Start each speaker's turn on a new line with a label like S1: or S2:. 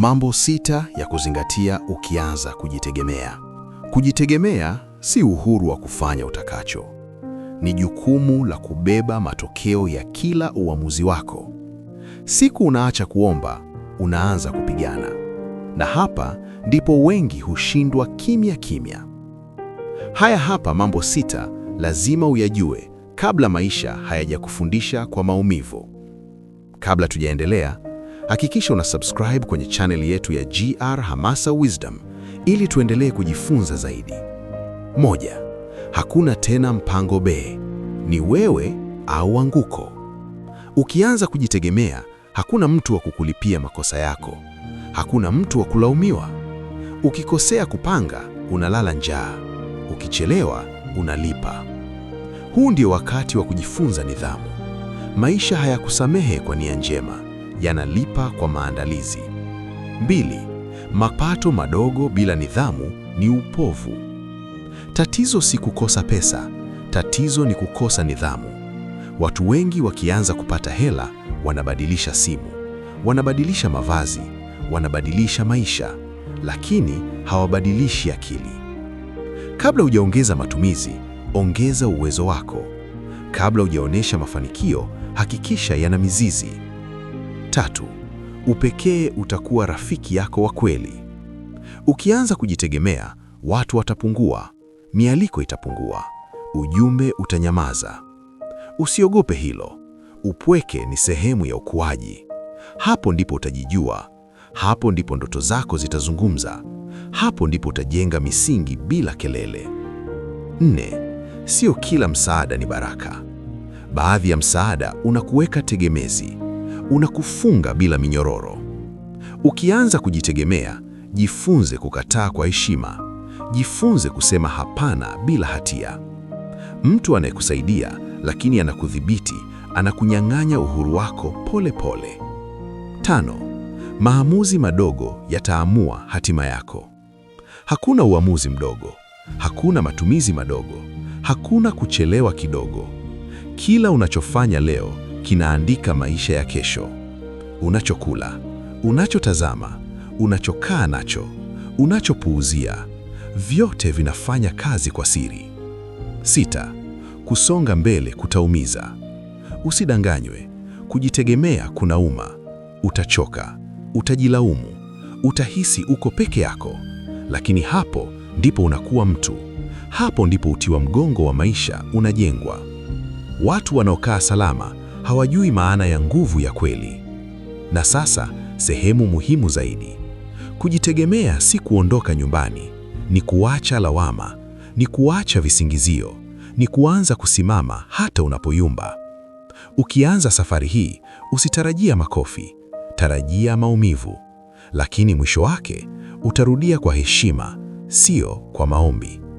S1: Mambo sita ya kuzingatia ukianza kujitegemea. Kujitegemea si uhuru wa kufanya utakacho. Ni jukumu la kubeba matokeo ya kila uamuzi wako. Siku unaacha kuomba, unaanza kupigana. Na hapa ndipo wengi hushindwa kimya kimya. Haya hapa mambo sita lazima uyajue kabla maisha hayajakufundisha kwa maumivu. Kabla tujaendelea Hakikisha una subscribe kwenye channel yetu ya GR Hamasa Wisdom ili tuendelee kujifunza zaidi. Moja, hakuna tena mpango B, ni wewe au anguko. Ukianza kujitegemea, hakuna mtu wa kukulipia makosa yako, hakuna mtu wa kulaumiwa. Ukikosea kupanga, unalala njaa, ukichelewa, unalipa. Huu ndio wakati wa kujifunza nidhamu. Maisha hayakusamehe kwa nia njema yanalipa kwa maandalizi. Mbili, mapato madogo bila nidhamu ni upovu. Tatizo si kukosa pesa, tatizo ni kukosa nidhamu. Watu wengi wakianza kupata hela, wanabadilisha simu, wanabadilisha mavazi, wanabadilisha maisha, lakini hawabadilishi akili. Kabla hujaongeza matumizi, ongeza uwezo wako. Kabla hujaonyesha mafanikio, hakikisha yana mizizi. Tatu, upekee utakuwa rafiki yako wa kweli. Ukianza kujitegemea, watu watapungua, mialiko itapungua, ujumbe utanyamaza. Usiogope hilo. Upweke ni sehemu ya ukuaji. Hapo ndipo utajijua, hapo ndipo ndoto zako zitazungumza, hapo ndipo utajenga misingi bila kelele. Nne, sio kila msaada ni baraka. Baadhi ya msaada unakuweka tegemezi unakufunga bila minyororo. Ukianza kujitegemea, jifunze kukataa kwa heshima, jifunze kusema hapana bila hatia. Mtu anayekusaidia lakini anakudhibiti, anakunyang'anya uhuru wako pole pole. Tano, maamuzi madogo yataamua hatima yako. Hakuna uamuzi mdogo, hakuna matumizi madogo, hakuna kuchelewa kidogo. Kila unachofanya leo kinaandika maisha ya kesho. Unachokula, unachotazama, unachokaa nacho, unachopuuzia, vyote vinafanya kazi kwa siri. Sita, kusonga mbele kutaumiza. Usidanganywe, kujitegemea kunauma. Utachoka, utajilaumu, utahisi uko peke yako, lakini hapo ndipo unakuwa mtu. Hapo ndipo uti wa mgongo wa maisha unajengwa. Watu wanaokaa salama hawajui maana ya nguvu ya kweli. Na sasa sehemu muhimu zaidi. Kujitegemea si kuondoka nyumbani, ni kuacha lawama, ni kuacha visingizio, ni kuanza kusimama hata unapoyumba. Ukianza safari hii, usitarajia makofi, tarajia maumivu, lakini mwisho wake utarudia kwa heshima, sio kwa maombi.